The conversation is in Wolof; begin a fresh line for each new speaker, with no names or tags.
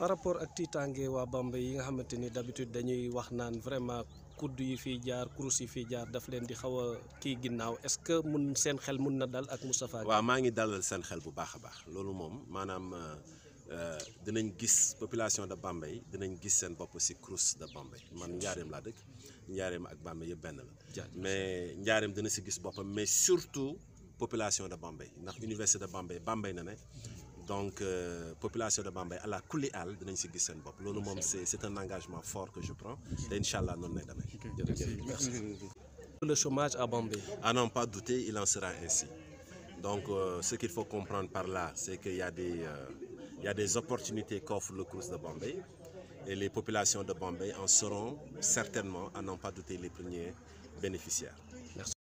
par rapport ak tiitaange waa Bambey yi nga xamante ni d'habitude dañuy wax naan vraiment kudd yi fiy jaar kurus yi fiy jaar daf leen di xaw a kii est-ce que mun seen xel mun na dal ak Moustapha waaw maa
ngi dalal seen xel bu baax a baax loolu moom maanaam euh, euh, dinañ gis population de Bambey dinañ gis sen bopp si kurus de Bambey man njaareem laa dëkk njaareem ak Bambey yëpp benn la mais njaareem dina si gis boppam mais surtout population de Bambey ndax université de Bambey Bambey na ne donc euh, population de Bambay, à la àll c'est un engagement fort que je prends Inch'Allah, nous nous
noonu
le chômage à bombay à ah n'en pas douter il en sera ainsi donc euh, ce qu'il faut comprendre par là c'est qu'il y a des euh, a des opportunités qu'offre le Cours de bombay et les populations de bombay en seront certainement à n'en pas douter les premiers bénéficiaires Merci.